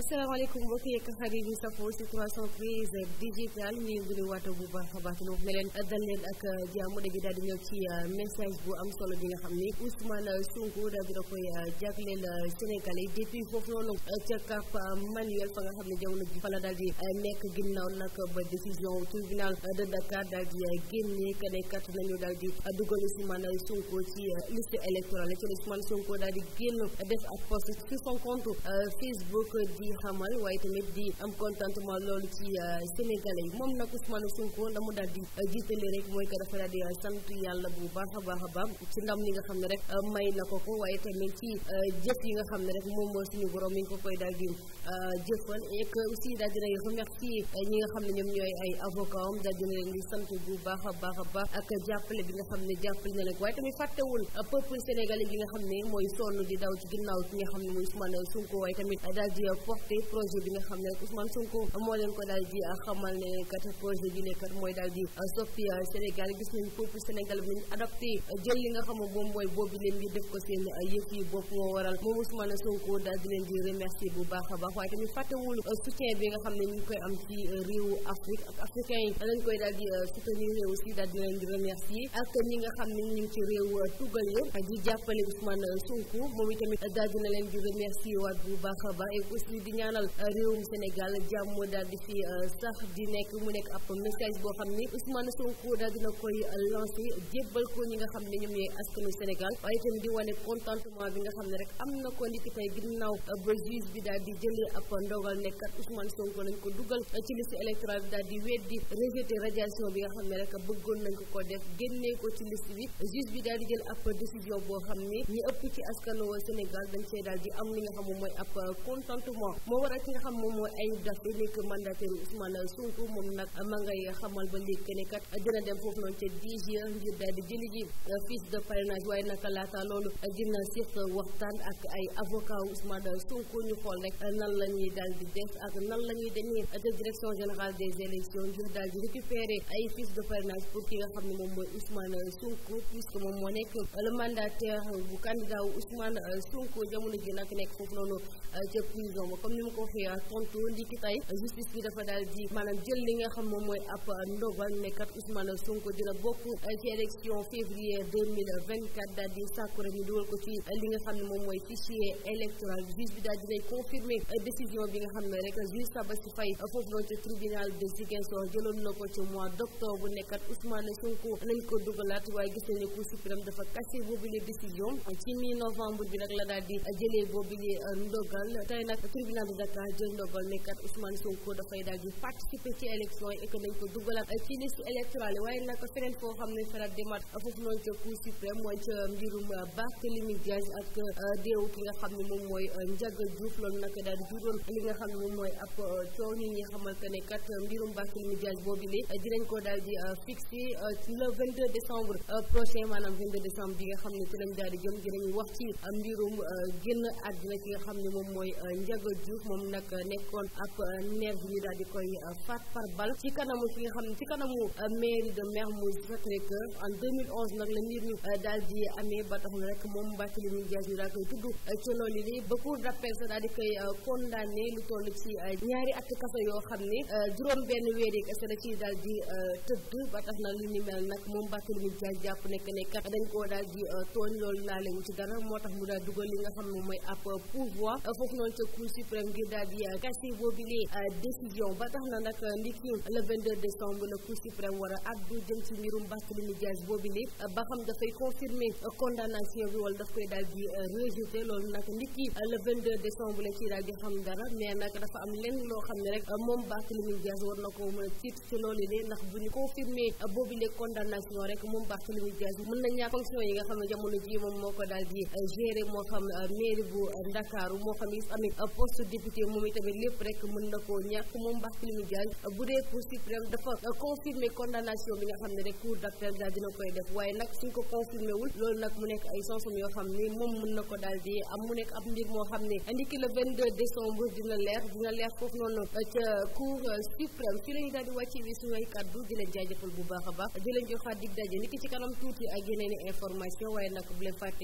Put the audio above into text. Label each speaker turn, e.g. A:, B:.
A: asalaamaaleykum mbokk yeeg xarit yi safoo si 313 digital a waat bu a baax di wax ne leen dal leen ak ci euh, message bu am solo bi nga xam ni Ousmane Sonko daal dina koy euh, jagleel euh, Sénégalais yi depuis foofu noonu ca Cap Manuel fa nga xam ne jamono ji daal di nekk ginnaaw nag ba décision tribunal de Dakar daal di génne keneen kat nañu daal di di génn def ab post ci son compte Facebook di. ñuy xamal waaye tamit di am contentement loolu ci euh, sénégalais yi moom nag Ousmane Sonko la mu daal di euh, jiitale rek mooy euh, a baax ci ndam li nga xam ne rek ko ko waaye tamit ci jëf yi nga xam ne mi ko koy daal di jëfal et que aussi daal ne ñoom ñooy ay avocat am daal dina leen di sant a a bi nga xam ne jàppale na leen waaye tamit fàttewul peuple sénégalais bi nga xam ne mooy sonn di daw ci ginnaaw ki porté projet bi nga xam ne rek Ousmane Sonko moo leen ko daal di euh, xamal euh, euh, moom mooy boobu di leen a leen di remercier ak ñi nga xam ne ñu ngi ci réew tugal yëpp di jàppale Ousmane Sonko moom itamit daal dina leen di remercier waat bu baax a aussi di ñaanal euh, réewum Sénégal jàmm daal di fi euh, sax di nekk mu nekk ab message boo xam ni Ousmane Sonko daal dina koy euh, lancé jébbal ko ñi nga xam ne ñoom ñooy askanu Sénégal bi nga xam ne rek am na ko ndiki tey ba bi daal di jëlee ab ndogal nekkat Ousmane Sonko nañ ko dugal ci liste électorale bi daal di weddi rejeté radiation bi nga xam ne rek bëggoon nañ ko ko def génnee ko bi juge di jël ab décision boo xam ni ñi ëpp ci askanu Sénégal dañ cee daal di am li nga xam mooy ab contentement francs moo waral ki nga xam moom mooy Ayib Daffé nekk mandataire Ousmane Sonko moom nag ba léegi ne kat dina dem foofu noonu ca DGE ngir daal di jëli ji euh, fiche de parrainage waaye naka laata loolu dina seq waxtaan ak ay avocat Ousmane Sonko ñu xool rek nan la ñuy daal di def ak nan la ñuy demee de de parrainage pour ki nga xam ne moom mooy Ousmane Sonko puisque moom moo nekk le mandataire bu candidat Ousmane Sonko jamono ji nekk foofu noonu euh, ca prison comme ni ma ko waxee ah, tontu ndiki tey justice bi dafa daal di maanaam jël li nga xam moom mooy ab ndogal ah, nekkat Ousmane Sonko dina bokk ci élection février 2024 daal di nga xam ne moom mooy fichier électoral juge bi daal dinay confirmer décision bi nga xam ne rek juge Sabassy Faye foofu noonu ci tribunal de Ziguinchor jëloon na ko ci mois d'octobre bu nekkat Ousmane Sonko lañ ko dugalaat waaye gis nañu Cour suprême dafa cassé boobu les décision ci mi novembre bi nag la daal di jëlee boobu les ndogal tey nag tribunal de Dakar jël ndogal ne kat Ousmane Sonko dafay daal di participer ci élection yi et que nañ ko duggalaat ci liste électorale waaye nag feneen foo xam ne farat a foofu noonu ca Cour suprême mooy ca mbirum euh, Barthélémy Diaz ak euh, déew ki nga xam ne moom mooy euh, Ndiaga xamal que ne mbirum Barthélémy Diaz boobu li dinañ ko daal di fixé le 22 décembre prochain maanaam 22 décembre bi nga xam ne ci lañ daal di jëm dinañ wax ci mbirum génn àddina ki nga xam ne moom mooy Ndiaga Diouf moom nag nekkoon ab nervi ñu daal di koy euh, faat par bal ci kanamu fi nga xam ne ci kanamu euh, mairie de Mermoz Sacré-Cœur en 2011 nag la mbir ñu euh, daal di amee ba tax na rek moom Barthélémy Dias ñu daal koy tudd ci loolu li ba cour d'appel sa daal di koy condamné lu toll ci la daal na lu ni mel nag moom Barthélémy Dias jàpp nekk ne kat dañ koo daal di tooñ loolu laalewu ci dara moo tax mu daal dugal li nga xam ne mooy ab pourvoi foofu noonu ca cour suprême ngir daal di uh, cassé boobilee uh, décision ba tax na nag uh, ndiki le 22 la cour suprême war a addu jëm ci mbirum Barthélémy Dias boobilee ba xam dafay confirmer condamnation bi wala daf koy daal di rejeté loolu nag ndiki le 22 décembre la ci daal di xam dara mais nag dafa am lenn loo xam ne rek moom Barthélémy Dias war na ko mën a tiit bu ñu confirmer boobilee condamnation rek moom Barthélémy Dias na ñàkk fonction yi nga xam ne jamono ji moom moo ko daal di gérer moo xam mairie bu Ndakaaru moo poste député moom itamit lépp rek mën na koo ñàkk moom Barthélémy Dias bu dee Cour suprême dafa euh, confirmé condamnation bi nga xam ne rek cour d'appel daal dina koy def waaye nag suñ ko confirmé wul loolu nag mu nekk ay sanctions yoo xam ne moom mën na ko daal di am mu nekk ab mbir moo xam ne ndiki le 22 décembre dina leer dina leer foofu noonu euh, cour euh, suprême fi la ñu di wàccee bi suñu ay bu baax a baax di leen joxaat ci kanam tuuti ak yeneen i information waaye nag bu leen fàtte